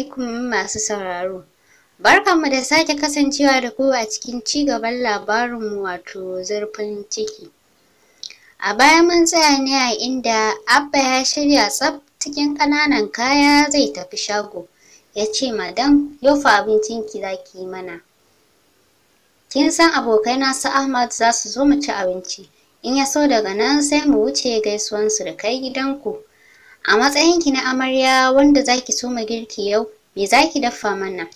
alaikum masu sauraro. Barkanmu da sake kasancewa da ku a cikin ci gaban labarinmu wato zurfin ciki. A baya mun tsaya ne a inda Abba ya shirya tsaf cikin ƙananan kaya zai tafi shago. Ya ce, Madam, don abincin ki za ki mana. Kin san abokaina su Ahmad za su zo mu ci abinci. In ya so daga nan sai mu wuce gaisuwansu da kai gidanku. A matsayinki na amarya wanda zaki soma girki yau, me zaki dafa mana?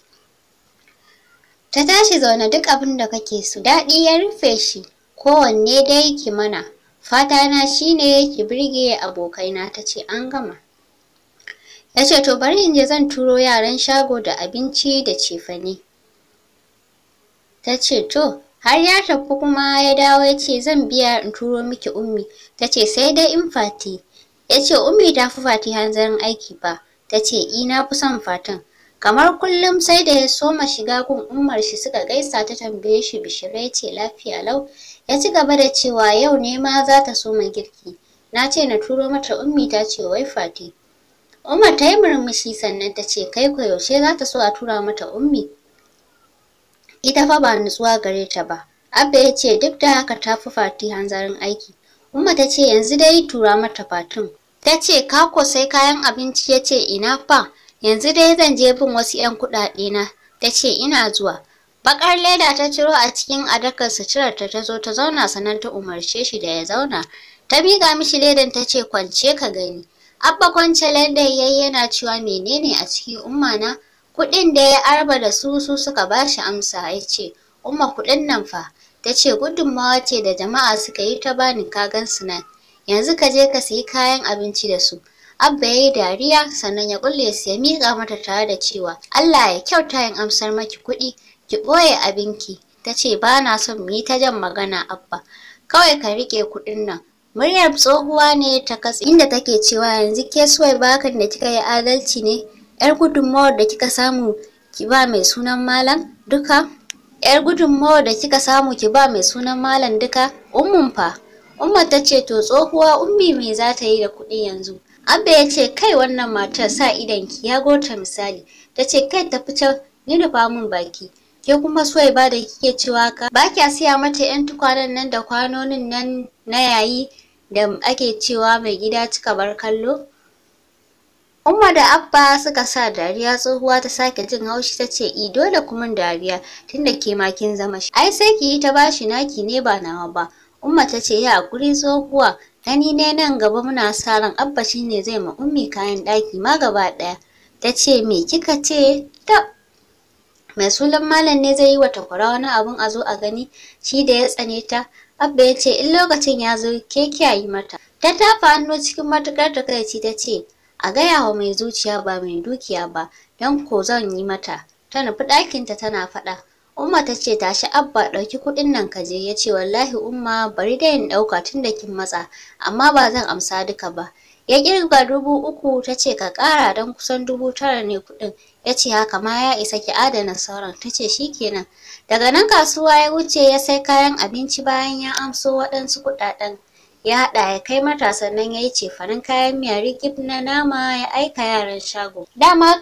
Ta tashi zaune duk abin da kake so, daɗi ya rufe shi, kowanne dai ki mana. Fata na shine ki birge abokaina ta ce an gama. Ya ce to bari in je zan turo yaran shago da abinci da cefane. Ta ce to har ya tafi kuma ya dawo ya ce zan biya in turo miki ummi. Ta ce sai dai in fati Ya ce Ummi ta fi Fati hanzarin aiki ba, ta ce ina fi son Fatin. Kamar kullum sai da ya soma shiga gun ummar shi suka gaisa ta tambaye shi bishirai ce lafiya lau. Ya ci gaba da cewa yau ne ma za ta soma girki. Na ce na turo mata Ummi ta ce wai Fati. Umar ta yi murmushi sannan ta ce kai ko yaushe za ta so a tura mata Ummi. Ita fa ba nutsuwa gare ta ba. Abba ya ce duk da haka ta fi Fati hanzarin aiki. Umma ta ce yanzu dai tura mata Fatin. Ta ce, Kako sai kayan abinci ya ce, Ina fa, yanzu dai zan je bin wasu ‘yan kuɗaɗe na. Ta ce, Ina zuwa. Bakar leda ta ciro a cikin adakar cirar ta zo ta zauna sannan ta umarce shi da ya zauna. Ta miƙa mishi ledan ta ce, Kwance ka gani. Abba kwance leda yayi yana cewa menene a ciki umma na? Kuɗin da ya arba da su su suka bashi amsa yace ce, Umma kuɗin nan fa. Ta ce, Gudunmawa ce da jama'a suka yi ta bani ka gan su nan. yanzu ka je ka sayi kayan abinci da su abba ya yi dariya sannan ya kulle su ya miƙa mata tare da cewa allah ya kyauta yin amsar maki kuɗi ki ɓoye abinki ta ce ba na son mu yi ta jan magana abba kawai ka riƙe kuɗin nan muryar tsohuwa ne ta katse inda take cewa yanzu ke suwai bakan da kika yi adalci ne yar gudunmawar da kika samu ki ba mai sunan malam duka yar gudunmawar da kika samu ki ba mai sunan malam duka ummun fa Umma ta ce to tsohuwa ummi me za ta yi da kuɗi yanzu. Abba ya ce kai wannan matar sa ki ya gota misali. Ta ce kai ta can ni rufa min baki. Ke kuma so ba da kike cewa ka ba kya siya mata 'yan tukwanen nan da kwanonin nan na yayi da ake cewa mai gida cika bar kallo. Umma da Abba suka sa dariya tsohuwa ta sake jin haushi ta ce i dole kuma dariya tunda ke makin zama shi. Ai sai ki yi ta bashi naki ne ba nawa ba. Umma ta ce ya guri tsohuwa gani ne nan gaba muna sa ran abba ne zai ma ummi kayan ɗaki ma gaba ɗaya. Ta ce me kika ce ta mai sulan malam ne zai yi wa takwara wani abun a zo a gani shi da ya tsane ta abba ya ce in lokacin ya zo ke kiyaye mata. Ta tafa hannu cikin matukar takaici ta ce a gaya wa mai zuciya ba mai dukiya ba don ko zan yi mata. Ta nufi ɗakinta tana faɗa. Umma ta ce ta tashi abba ɗauki kuɗin nan ka je ya ce wallahi umma bari dai in ɗauka tun da kin matsa amma ba zan amsa duka ba. Ya kirga dubu uku ta ce ka ƙara don kusan dubu tara ne kuɗin ya ce haka ma ya isa ki adana sauran ta ce shi kenan. Daga nan kasuwa ya wuce ya sai kayan abinci bayan ya amso waɗansu kuɗaɗen. ya haɗa ya kai mata sannan ya yi farin kayan miya rigib na nama ya aika yaran shago. Dama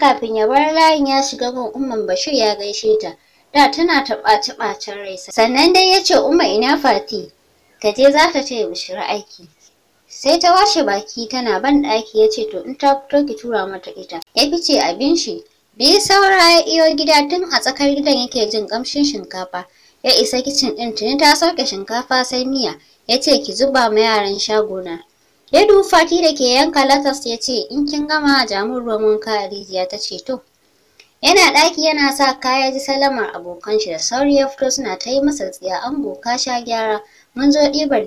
kafin ya bar layin ya shiga gon umman Bashir ya gaishe ta. Da tana ta ɓaci-ɓacin rai sannan dai ya ce umma ina fati ta je za ta ce bishira aiki. Sai ta washe baki tana ban ɗaki ya ce to in ta fito ki tura mata ita. Ya fice abin shi. Bi saura ya iyo gida tun a tsakar gidan yake jin ƙamshin shinkafa. ya isa kicin ɗin tuni ta sauke shinkafa sai miya ya ce ki zuba ma yaran shagona ya fati da ke yanka latas ya ce in kin gama jamun ruwan wanka a rijiya ta ce to yana ɗaki yana sa kaya ji salamar abokan shi da sauri ya fito suna ta yi masa tsiya an sha gyara mun zo ɗibar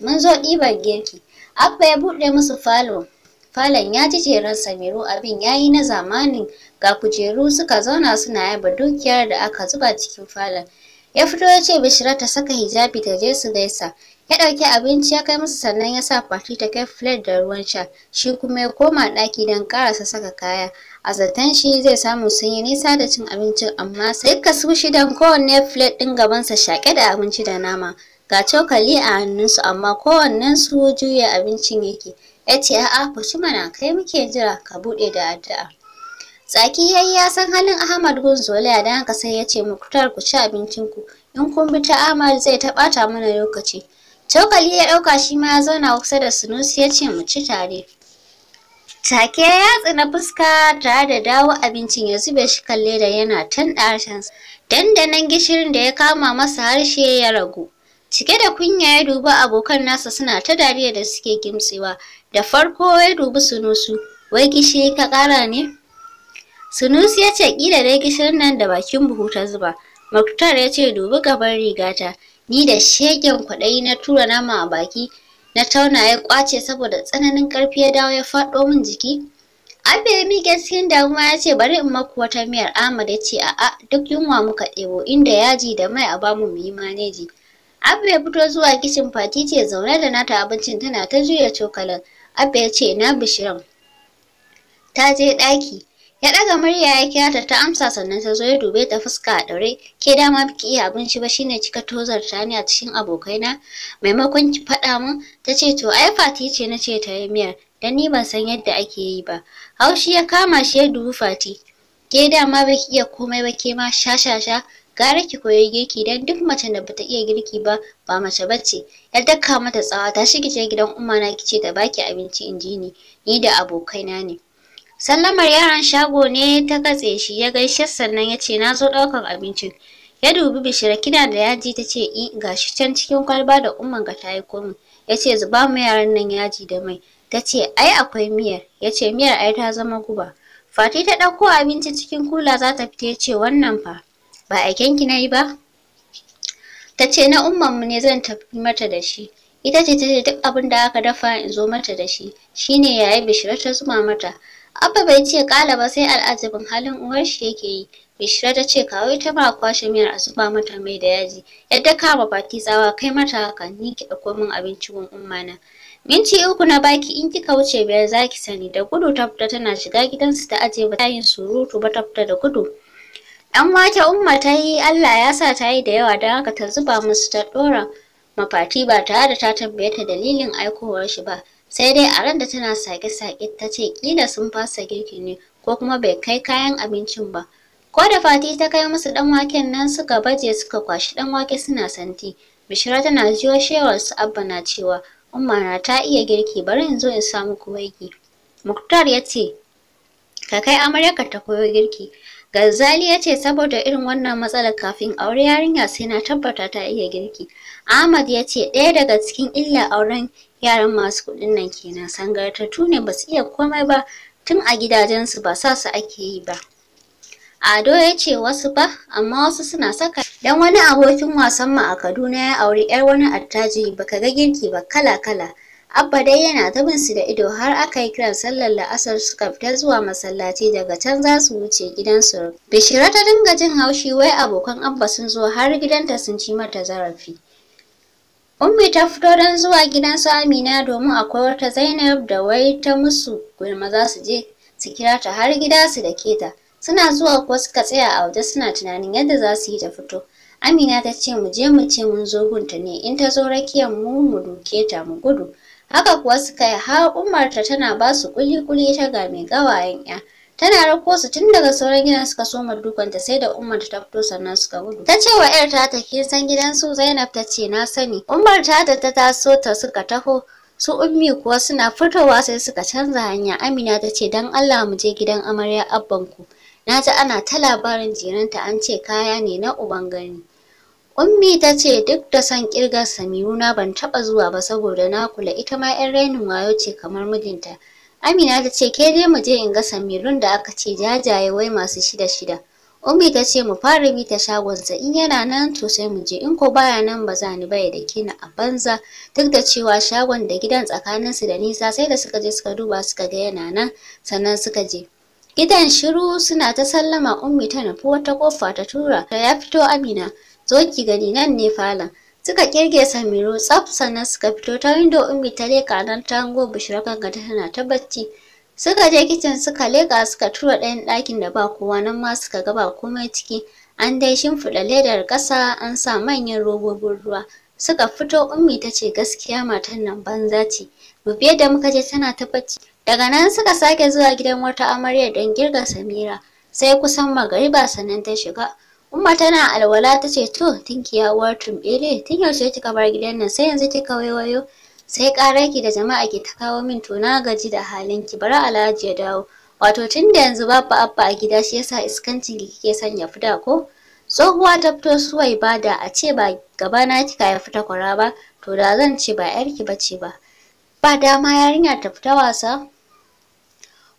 mun zo dibar girki abba ya buɗe musu falo falon ya ji jeran samiru abin ya yi na zamanin ga kujeru suka zauna suna yaba dukiyar da aka zuba cikin falon ya fito ya ce bishira ta saka hijabi ta je su gaisa ya ɗauki abinci ya kai musu sannan ya sa fati ta kai flat da ruwan sha shi kuma ya koma ɗaki don karasa saka kaya a zaton shi zai samu sun yi nisa da cin abincin amma sai ka su shidan kowanne flat ɗin gabansa shake da abinci da nama ga cokali a hannunsu amma su juya abincin yake ya ce a'a ku shi mana kai muke jira ka buɗe da addu'a Tsaki yayi ya san halin Ahmad Gonzolaya dan haka sai ya ce ku ci abincin ku. In kun bi ta Ahmad zai ta bata mana lokaci. Cokali ya dauka shi ma ya zauna kusa da Sunusi ya ce mu ci tare. Take ya tsina fuska tare da dawo abincin ya zube shi kalle da yana tan harshensa. Dandanan gishirin da ya kama masa harshe ya ragu. Cike da kunya ya dubi abokan nasa suna ta dariya da suke gimtsewa. Da farko ya dubi sunusu, wai gishiri ka kara ne? Sunusi ya ce kila dai gishirin nan da bakin buhu ta zuba. Muktar ya ce dubi gaban rigata. Ni da shegen kwaɗayi na tura nama a baki. Na tauna ya kwace saboda tsananin ƙarfi ya dawo ya faɗo min jiki. Abba ya miƙe cikin damuwa ya ce bari in maku wata miyar Ahmad ya ce a'a duk yunwa muka ɗebo inda yaji da mai a bamu mu yi maneji. Abba ya fito zuwa kishin fati ce zaune da nata abincin tana ta juya cokalin. Abba ya ce na bishiran. Ta je ɗaki. Ya ɗaga murya ya kira ta ta amsa sannan ta zo ya dube ta fuska a ɗaure. Ke da ma biki iya abinci ba shine kika tozar ta ni a cikin abokaina. Maimakon ki faɗa min ta ce to ai Fati ce na ce ta yi miyar dan ni ban san yadda ake yi ba. Haushi ya kama shi ya dubi Fati. Ke da ma baki iya komai ba ke ma shashasha. Gara ki koyi girki dan duk mace da bata iya girki ba ba mace bace. Ya daka mata tsawa ta shige gidan umma na kice ta baki abinci inji ni. Ni da abokaina ne. Sallamar yaran shago ne ta katse shi ya gaishe sannan ya ce na zo ɗaukar abincin. Ya dubi bishira kina da yaji ta ce i eh, gashi can cikin kwalba da umman ka tayi yi komi. Ya ce zuba mu yaran nan yaji da mai. Ta ce ai akwai miyar. Ya ce miyar ai ta zama guba. Fati ta ɗauko abinci cikin kula za ta fita ya ce wannan fa ba ki na yi ba. Ta ce na mu ne zan tafi mata da shi. Ita ce ta ce duk abin da aka dafa in zo mata da shi. Shi ne yayi bishira ta zuma mata. Abba bai ce kala ba sai al'ajabin halin uwar shi yake yi. Bishira ta ce kawai ta ba kwashe miyar a zuba mata mai da yaji. Yadda kama fati tsawa kai mata haka ni ki dauko min abinci gun umma na. Minti uku na baki in kika wuce biyar za ki sani da gudu ta fita tana shiga gidansu ta aje ba ta yin surutu ba ta fita da gudu. Yan wake umma ta yi Allah ya sa ta yi da yawa don haka ta zuba musu ta ma mafati ba tare da ta tambaye ta dalilin aikowar shi ba. sai dai a ran da tana sake-sake ta ce kila sun fasa girki ne ko kuma bai kai kayan abincin ba ko da fati ta kai musu dan waken nan suka baje suka kwashi dan wake suna santi bishira tana jiyo shewar su abba na cewa umma na ta iya girki bari in zo in samu kuwaiki muktar ya ce ka kai amurka ta koyo girki gazali ya ce saboda irin wannan matsalar kafin aure yarinya sai na tabbata ta iya girki. Ahmad ya ce ɗaya daga cikin illa auren yaran masu kuɗin nan kenan sangartattu ne ba su iya komai ba tun a gidajensu ba sa su ake yi ba ado ya ce wasu ba amma wasu suna saka dan wani abokin wasan mu a kaduna ya auri yar wani attajiri baka ga girki ba kala kala abba dai yana ta bin su da ido har aka yi kiran sallar la'asar suka fita zuwa masallaci daga can za su wuce gidansu su bishira ta dinga jin haushi wai abokan abba sun zo har gidanta sun ci mata zarafi Ummi ta fito don zuwa gidan su Amina domin akwai wata Zainab da wai ta musu gulma za su je su kira ta har gida su da keta. Suna zuwa kuwa suka tsaya a waje suna tunanin yadda za su yi ta fito. Amina ta ce mu je mu ce mun zo gunta ne in ta zo rakiyar mu mu duke ta mu gudu. Haka kuwa suka yi har Umar ta tana ba su kuli-kuli ta ga mai gawayen 'ya. tana rako su tun daga sauran gidan suka soma dukanta sai da umar ta fito sannan suka gudu ta ce wa yar ta ta kin san gidan su zainab ta ce na sani umar ta da ta taso ta suka taho su ummi kuwa suna fitowa sai suka canza hanya amina ta ce don allah mu je gidan amarya abban ku na ji ana ta labarin jiranta an ce kaya ne na uban gani ummi ta ce duk da son kirgar na ban taba zuwa ba saboda na kula ita ma 'yan rainin wayo ce kamar mijinta Amina ta ce ke dai mu je in ga samirun da aka ce jajaye wai masu shida shida. Ummi ta ce mu fara bi ta shagonsa in yana nan to sai mu je in ko baya nan ba za ni baya da kina a banza duk da cewa shagon da gidan tsakaninsu da nisa sai da suka je suka duba suka ga yana nan sannan suka je. Gidan shiru suna ta sallama ummi ta nufi wata kofa ta tura ta ya fito Amina zo ki gani nan ne falon Suka kirge Samiru tsaf sannan suka fito ta windo ummi ta leka nan ta hango Bushra tana ta bacci. Suka je kicin suka leka suka tura ɗayan ɗakin da ba kowa nan ma suka ga ba komai ciki. An dai shimfiɗa ledar ƙasa an sa manyan robobin ruwa. Suka fito ummi ta ce gaskiya matan nan banza ce. Rufe da muka je tana ta bacci. Daga nan suka sake zuwa gidan wata amarya don girga Samira. Sai kusan magariba sannan ta shiga. Umma tana alwala ta ce to ya uwar tumbele tun yaushe kika bar gidan nan sai yanzu kika waiwayo sai ƙarar ki da jama'a ki ta kawo min to na gaji da halin ki bari Alhaji ya dawo wato tun da yanzu babu abba a gida shi yasa iskancin ki kike sanya ya fita ko tsohuwa ta fito suwai ba da a ce ba gaba na kika ya fita kwara ba to da zan ce ba yarki bace ba ba dama yarinya ta fita wasa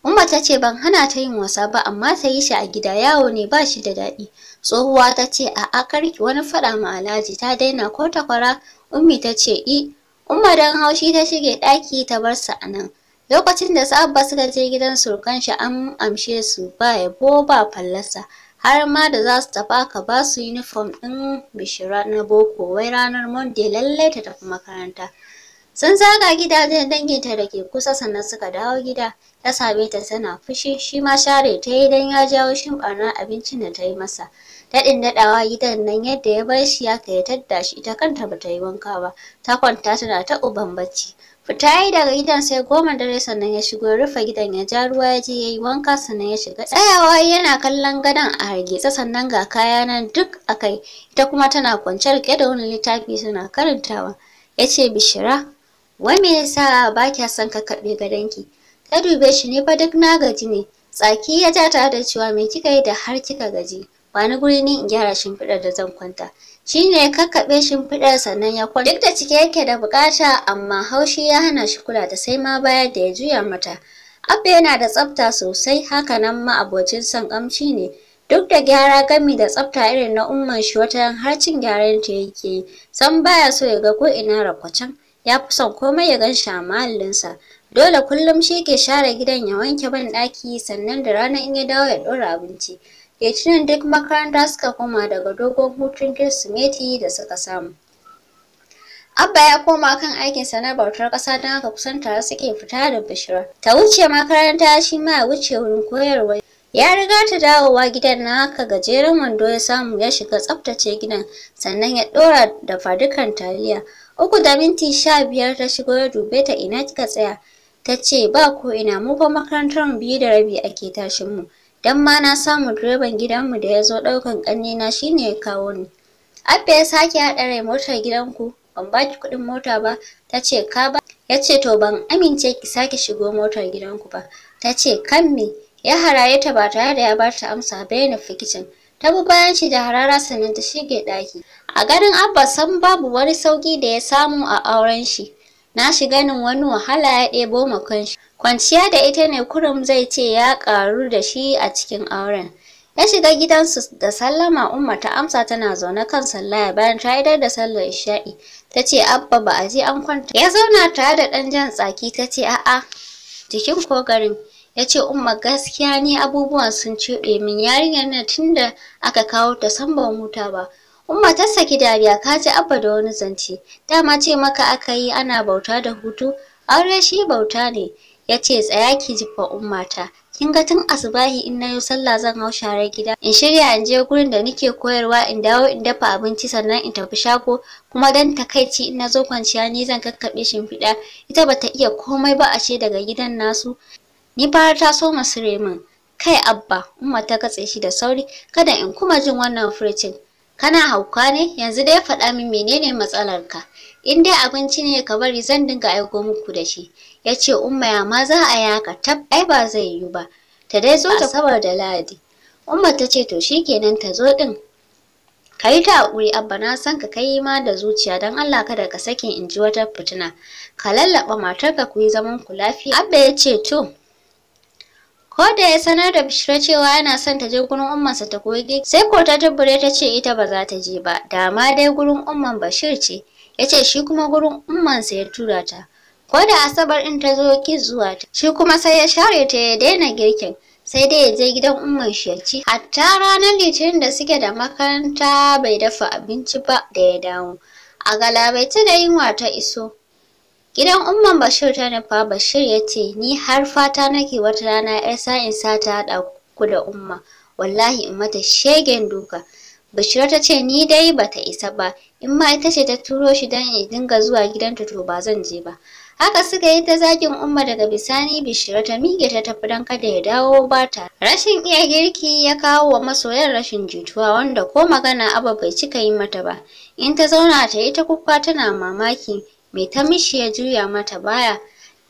Umma ta ce ban hana ta yin wasa ba amma ta yi shi a gida yawo ne ba shi da daɗi. Tsohuwa ta ce a akarki wani faɗa ma Alhaji ta daina ko ta kwara Ummi ta ce i. Umma dan haushi ta shige ɗaki ta bar sa a nan. Lokacin da sabba suka je gidan surukan shi an amshe su ba yabo ba fallasa. Har ma da za su tafi aka ba su uniform ɗin bishira na boko wai ranar Monday lallai ta tafi makaranta. Sun zaga gidajen danginta da ke kusa sannan suka dawo gida, ta same ta tana fushi, shi ma share ta yi don ya jawo shimfanar ɓarnar abincin da ta yi masa. Daɗin daɗawa gidan nan yadda ya bar shi ya kai tadda shi ita kanta ba ta yi wanka ba, ta kwanta tana ta uban bacci. Fita yi daga gidan sai goma dare sannan ya shigo ya rufe gidan ya ja ruwa ya je ya yi wanka sannan ya shiga. Tsayawa yana kallon gadon a hargitsa sannan ga kaya nan duk a kai, ita kuma tana kwance riƙe da wani littafi suna karantawa. Ya ce Bishira, wai me yasa ba kya son ka kakkaɓe gadonki ka dube shi ne fa duk na gaji ne tsaki ya ja tare da cewa me kika yi da har kika gaji ba ni guri ne in gyara shimfiɗar da zan kwanta shine ne kakkaɓe shimfiɗar sannan ya kwanta duk da cike yake da buƙata amma haushi ya hana shi kula da sai ma bayar da ya juya mata abba yana da tsafta sosai hakanan ma abocin son ƙamshi ne duk da gyara gami da tsafta irin na umman shi wata har cin gyaran ta yake san baya so ya ga ko ina rakwacen ya fi son komai ya gan shi a mahallinsa dole kullum shi ke share gidan ya wanke ban ɗaki sannan da rana in ya dawo ya ɗora abinci litinin duk makaranta suka koma daga dogon hutun kirsimeti da suka samu Abba ya koma kan aikinsa na bautar ƙasa don haka kusan tare suke fita da Bishira. Ta wuce makaranta shi ma ya wuce wurin koyarwa. Ya riga ta dawowa gidan na haka gajeren wando ya samu ya shiga tsaftace gidan sannan ya ɗora da fadukan taliya. Uku da minti sha biyar ta shigo ya dube ta ina kika tsaya. Ta ce ba ko ina mu fa makarantar mu biyu da rabi ake tashin mu. Dan ma na samu direban gidanmu da ya zo ɗaukan na shine ya kawo ni. Abba ya sake haɗa rai motar gidanku ban baki kuɗin mota ba ta ce ka ba ya ce to ban amince ki sake shigo motar gidanku ba ta ce kan me ya haraye ta ba tare da ya ba ta amsa bai fikicin ta bi bayan shi da harara sannan ta shige ɗaki. A garin Abba san babu wani sauƙi da ya samu a auren shi. Na shi ganin wani wahala ya ɗebo makon shi. Kwanciya da ita ne kurum zai ce ya ƙaru da shi a cikin auren. Ya shiga gidansu da sallama umar ta amsa tana zaune kan sallaya bayan ta idar da sallar isha'i. Ta ce Abba ba a je an kwanta. Ya zauna tare da ɗan jan tsaki ta ce a'a jikin ko garin. ya ce umma gaskiya ne abubuwan sun cuɗe min yarinyar nan tunda aka kawo ta san ba huta ba umma ta saki dariya ka ji abba da wani zance dama ce maka aka yi ana bauta da hutu aure shi bauta ne ya ce tsaya ki jifa ummata kin ga tun asubahi in na yi sallah zan hau sharar gida in shirya in je gurin da nake koyarwa in dawo in dafa abinci sannan in tafi shago kuma dan takaici in na zo kwanciya ni zan kakkaɓe shimfiɗa ita bata iya komai ba ashe daga gidan nasu ni ba ta so masire min kai abba umma ta katse shi da sauri kada in kuma jin wannan furcin kana hauka ne yanzu dai faɗa min menene matsalarka in dai abinci ne ka bari zan dinga aiko muku da shi yace umma ya ma za a yaka tab ai ba zai yiwu ba ta dai zo ta sabar da ladi umma ta ce to shikenan ta zo din ka ta hakuri abba na san ka kai ma da zuciya dan allah kada ka sake in ji wata fitina ka lallaɓa matarka ku yi zaman ku lafiya abba ya ce to Ko da ya sanar da Bishira cewa yana son ta je gurin ummansa ta koyi sai ko ta tabbure ta ce ita ba za ta je ba, Dama dai gurin umman Bashir ce, ya ce shi kuma gurin ummansa ya tura ta. Ko da Asabar ɗin ta zo ki zuwa ta, shi kuma sai ya share ta ya daina girkin, sai dai ya je gidan umman shi ya ci. Hatta ranar Litinin da suke da makaranta bai dafa abinci ba da ya dawo. A galabaice da yunwa ta iso, Gidan Umman Bashir ta nufa Bashir ya ce, Ni har fata nake wata rana ‘yar sa'in sa ta haɗa ku da Umma, wallahi in mata shegen duka. Bashir ta ce, Ni dai ba ta isa ba, in ma ita ce ta turo shi don in dinga zuwa gidanta to ba zan je ba. Haka suka yi ta zagin Umma daga bisani Bashir ta mige ta tafi don kada ya dawo bata. Rashin iya girki ya kawo wa masoyan rashin jituwa wanda ko magana Abba bai cika yi mata ba. In ta zauna ta yi ta kuka tana mamaki. mai ta mishi ya juya mata baya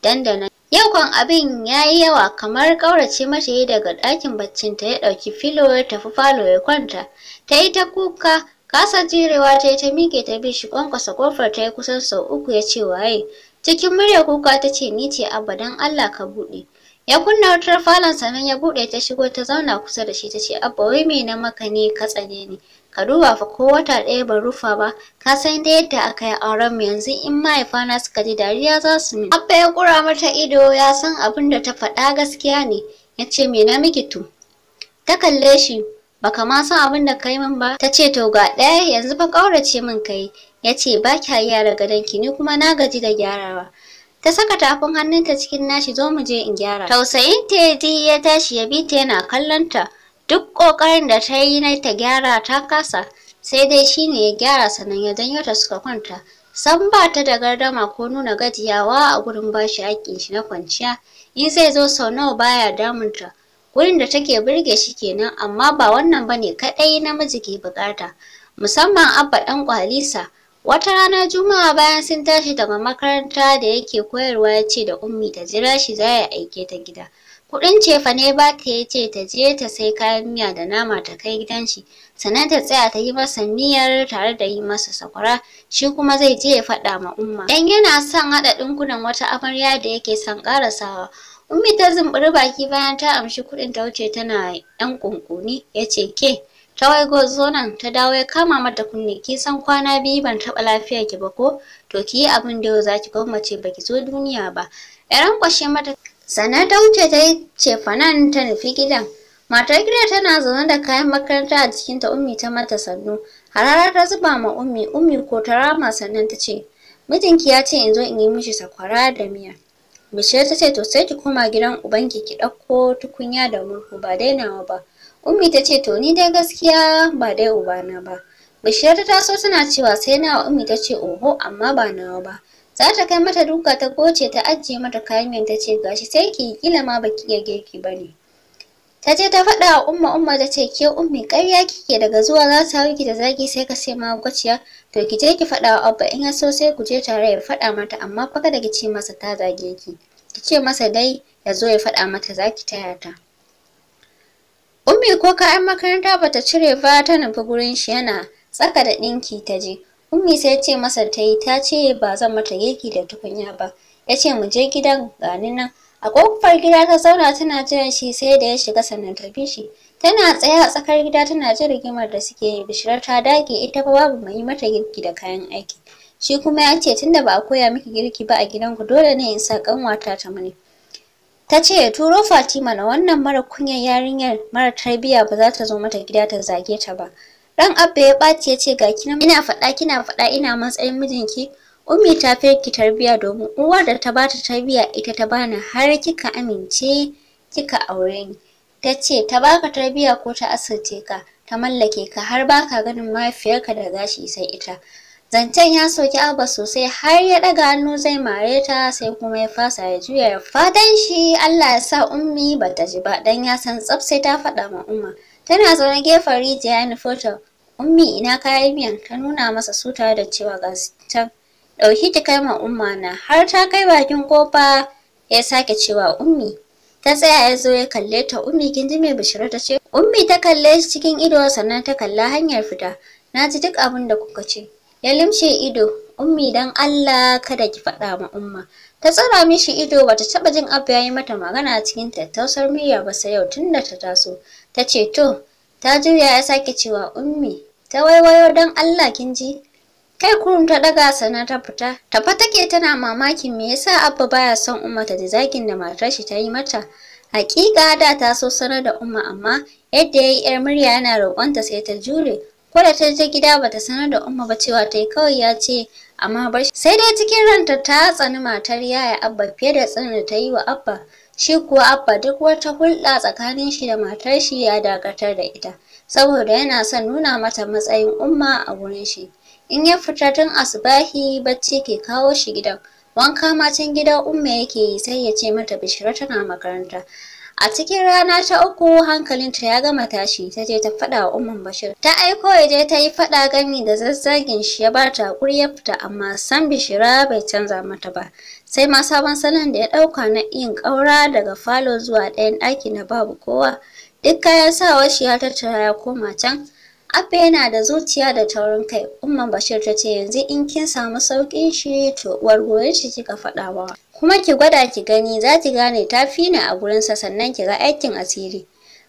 dandana yau kan abin ya yi yawa kamar ƙaurace mata yi daga ɗakin ta ya ɗauki filo ya tafi falo ya kwanta ta yi ta kuka kasa jirewa ta yi ta miƙe ta bi shi kwankwasa ƙofar ta yi kusan sau uku ya ce waye cikin murya kuka ta ce ni ce abba don allah ka buɗe ya kunna wutar falon sannan ya buɗe ta shigo ta zauna kusa da shi ta ce abba wai me na maka ne ka tsane ni ka duba fa ko wata ɗaya ban rufa ba ka san dai yadda aka yi auren mu yanzu in mahaifana suka ji dariya za su min abba ya kura mata ido ya san abin da ta faɗa gaskiya ne ya ce me na miki to ta kalle shi baka ma san abin da ka yi min ba ta ce to ga ɗaya yanzu fa ƙaurace min ka yi, ya ce ba kya gyara gadonki ni kuma na gaji da gyarawa ta saka tafin hannunta cikin nashi zo mu je in gyara tausayin ta ya tashi ya bi ta yana kallon ta Duk ƙoƙarin da ta yi na ta gyara ta kasa, sai dai shi ne ya gyara sannan ya janyo ta suka kwanta. San ba ta da gardama ko nuna gajiyawa a gurin bashi haƙƙin shi na kwanciya, in zai zo sau nawa baya damun ta. Gurin da take burge shi kenan amma ba wannan bane kaɗai namiji ke buƙata. Musamman Abba ɗan ƙwalisa, Wata rana Juma'a bayan sun tashi daga makaranta da yake koyarwa ya ce da Ummi ta jira shi za ya aike ta gida. Kuɗin cefane ba ta yi ce ta je ta sai kayan miya da nama ta kai gidan shi, sannan ta tsaya ta yi masa miyar tare da yi masa sakwara, shi kuma zai je ya faɗa ma umma. Dan yana son haɗa ɗinkunan wata amarya da yake son ƙarasawa. Ummi ta zumburi baki bayan ta amshi kuɗin ta wuce tana ɗan ƙunƙuni, ya ce ke. Ta wai zo nan ta dawo ya kama mata kunne ki san kwana biyu ban taɓa lafiyar ki ba ko to ki yi abin da yau za ki gwammace ba ki zo duniya ba. yaran kwashe mata Sannan ta wuce ta yi cefanan ta nufi gidan. Matar gida tana zaune da kayan makaranta a ta ummi ta mata sannu. Hararar ta zuba ma ummi, ummi ko ta rama sannan ta ce, Mijinki ya ce in zo in yi mishi sakwara da miya. Bishiyar ta ce to sai ki koma gidan ubanki ki ɗauko tukunya da murhu ba dainawa ba. Ummi ta ce to ni dai gaskiya ba dai ubana ba. Bishiyar ta taso tana cewa sai nawa, ummi ta ce oho amma ba nawa ba. za ta kai mata duka ta goce ta ajiye mata kayan miyan ta ce gashi sai ki kila ma baki iya girki ba ne ta je ta faɗa wa umma umma ta ce ke ummi ƙarya kike daga zuwa za ta hau ki da zagi sai ka sai ma gwaciya to ki je ki faɗa wa abba in ya so sai ku je tare ya faɗa mata amma fa kada ki ce masa ta zage ki ki ce masa dai ya zo ya faɗa mata zaki taya ta ummi ko kayan makaranta bata cire ba ta nufi gurin shi yana tsaka da ɗinki ta je Ummi sai ce masa ta yi ta ce ba zan mata girki da tukunya ba. Ya ce mu je gidan gani nan. A kofar gida ta zauna tana jiran shi sai da ya shiga sannan ta bi shi. Tana tsaya a tsakar gida tana jin rigimar da suke yi bishirar ta dage ita fa babu mai mata girki da kayan aiki. Shi kuma ya ce tunda ba a koya miki girki ba a gidanku dole ne in sa kanwata ta mani. Ta ce ya turo Fatima na wannan mara kunyar yarinyar mara tarbiyya ba za ta zo mata gida ta zage ta ba. Ran Abba ya ɓaci ya ce ga kina ina faɗa kina faɗa ina matsayin mijinki. Ummi ta ki tarbiya domin uwar da ta bata tarbiya ita ta bani har kika amince kika aure ni. Ta ce ta baka tarbiya ko ta asirce ka ta mallake ka har baka ganin mahaifiyarka da gashi sai ita. Zancen ya soki Abba sosai har ya ɗaga hannu zai mare ta sai kuma ya fasa ya juya fatan shi Allah ya sa ummi bata ji ba dan ya san tsaf sai ta faɗa ma umma. Tana zaune gefen rijiya ya nufo Ummi ina kayan miyan ta nuna masa suta da cewa ga ta ɗauki ki kai ma umma na har ta kai bakin kofa ya sake cewa ummi. Ta tsaya ya zo ya kalle ta ummi kin ji me bishira ta ce. Ummi ta kalle shi cikin ido sannan ta kalla hanyar fita. Na ji duk abin da kuka ce. Ya limshe ido ummi dan Allah kada ki faɗa ma umma. Ta tsara mishi ido bata taɓa jin abu ya yi mata magana cikin tattausar miya ba sai yau tunda ta taso. ta ce to ta juya ya sake cewa ummi ta waiwayo don Allah kin ji kai kurum ta daga sana ta fita tafa take tana mamakin me yasa abba baya son umma ta da zagin da matar shi ta yi mata Haƙiƙa, da ta so sanar da umma amma yadda ya yi yar murya yana roƙonta sai ta jure ko da ta je gida bata sanar da umma ba cewa ta yi kawai ya ce amma bar sai dai cikin ranta ta tsani matar yaya abba fiye da tsanin da ta yi wa abba Shi kuwa Abba duk wata hulɗa tsakanin shi da matar shi ya dakatar da ita, saboda yana son nuna mata matsayin umma a wurin shi. In ya fita tun asubahi bacci ke kawo shi gidan, wanka ma matan gidan umma yake yi sai ya ce mata Bishira tana makaranta. A cikin rana ta uku hankalinta ya gama tashi ta je ta faɗa wa umman Bashir. Ta aiko ya je ta yi faɗa gami da zazzagin shi ya ba ta ya fita amma san Bishira bai canza mata ba. sai ma sabon salon da ya ɗauka na yin kaura daga falo zuwa ɗayan ɗaki na babu kowa duk kayan sawa shi ya tattara ya koma can Abba yana da zuciya da taurin kai, Umman Bashir ta ce yanzu in kin samu saukin shi to uwar shi kika faɗa wa. Kuma ki gwada ki gani za ki gane ta fi ni a gurinsa sannan ki ga aikin asiri.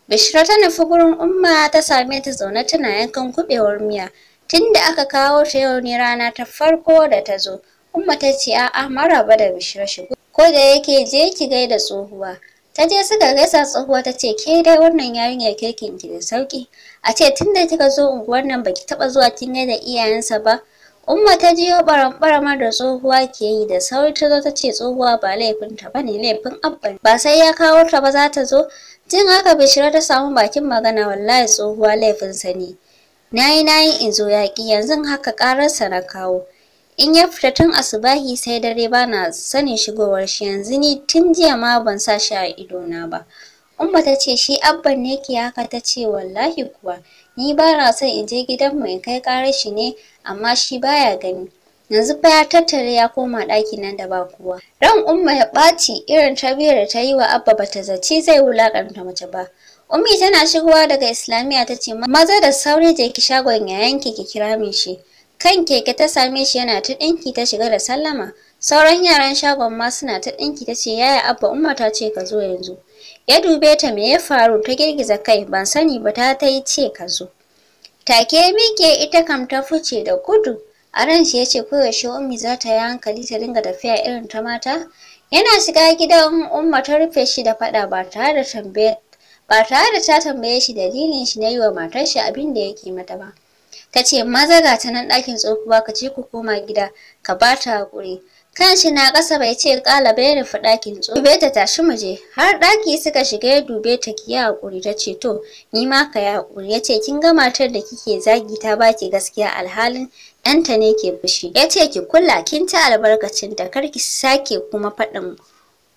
Bishira ta nufi gurin Umma ta same ta zaune tana yankan kuɓewar miya. Tunda aka kawo ta yau ne rana ta farko da ta zo. Umma ta ce a'a maraba da bishira Ko da yake je ki da tsohuwa. Ta je suka gaisa tsohuwa ta ce ke dai wannan yarinyar kirkin ki da sauki. A ce tunda kika zo unguwar nan baki taba zuwa kin da iyayensa ba. Umma ta jiyo barama da tsohuwa ke yi da sauri ta zo ta ce tsohuwa ba laifinta ba ne laifin abban ba sai ya kawo ta ba za ta zo. Jin haka bishira ta samu bakin magana wallahi tsohuwa laifinsa ne. Nayi nayi in zo yaƙi yanzu haka ƙararsa na kawo. in ya fita tun asubahi sai dare bana sanin shigowar shi yanzu ni tun jiya ma ban sa shi a idona ba umma ta ce shi abban ne ke haka ta ce wallahi kuwa ni ba na son in je gidan mu in kai karar shi ne amma shi baya gani yanzu fa ya tattare ya koma ɗakin nan da ba kowa ran umma ya ɓaci irin tarbiyyar da ta yi wa abba bata zaci zai wulakanta mace ba ummi tana shigowa daga islamiyya ta ce maza da sauri je ki shagon yayanki ki kira min shi Kan keke ta same shi yana ta ɗinki ta shiga da sallama. Sauran yaran shagon ma suna ta ɗinki ta ce yaya abba umma ta ce ka zo yanzu. Ya dube ta me ya faru ta girgiza kai ban sani ba ta ta yi ce ka zo. Take mike ita kam ta fice da gudu. A ran shi ya ce koyaushe ummi za ta yi hankali ta dinga tafiya irin ta mata. Yana shiga gidan umma ta rufe shi da faɗa ba tare da tambaye ba tare da ta tambaye shi dalilin shi na yi wa matar shi abin da yake mata ba. ta ce maza ga ta nan ɗakin tsohuwa ka ce ku koma gida ka ba ta haƙuri kanshi na ƙasa bai ce ƙala bai rufe ɗakin tsohuwa dube ta tashi muje har ɗaki suka shiga ya dube ta ki yi haƙuri ta ce to ni ma ka yi haƙuri ya ce kin ga matar da kike zagi ta baki gaskiya alhalin ɗanta ne ke fushi ya ce ki kula kin ta albarkacin ta kar ki sake kuma faɗin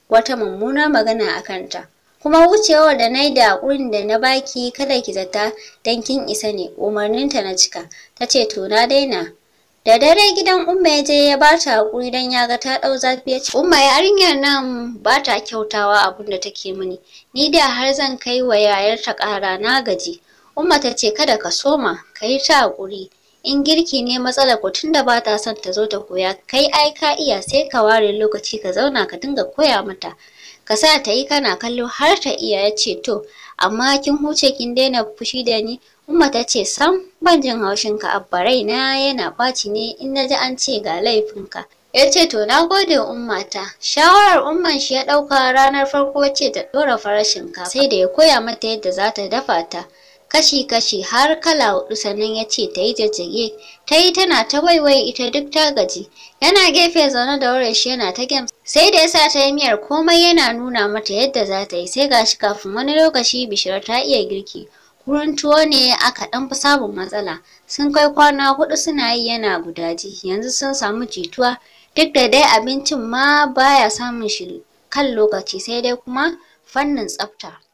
wata mummunar magana a kanta kuma wucewar da na yi da haƙurin da na baki kada ki zata don kin isa ne umarninta na cika ta ce to na daina da dare gidan umma ya je ya ba ta haƙuri don ya ga ta ɗau zafi ya ce umma yarinyar nan ba ta kyautawa abin da take mini ni da har zan kai wa yayarta ƙara na gaji umma ta ce kada ka soma ka yi ta haƙuri in girki ne matsalar ku tunda ba ta son ta zo ta koya kai ai ka iya sai ka ware lokaci ka zauna ka dinga koya mata ka sa ta yi kana kallo har ta iya ya ce to amma kin huce kin daina fushi da ni umma ta ce sam ban jin haushin ka abba na yana ɓaci ne in na ji an ce ga laifinka ya ce to na gode ummata shawarar umman shi ya ɗauka ranar farko ce ta ɗora farashin ka sai da ya koya mata yadda za ta dafa ta kashi-kashi har kala hudu sannan ya ce ta yi jajjage ta yi tana ta waiwai ita duk ta gaji yana gefe zaune da wurin shi yana ta gem sai da ya sa ta yi miyar komai yana nuna mata yadda za ta yi sai gashi kafin wani lokaci bishiyar ta iya girki wurin tuwo ne aka ɗan fi samun matsala sun kai kwana hudu suna yi yana gudaji yanzu sun samu jituwa duk da dai abincin ma baya samun shi kan lokaci sai dai kuma fannin tsafta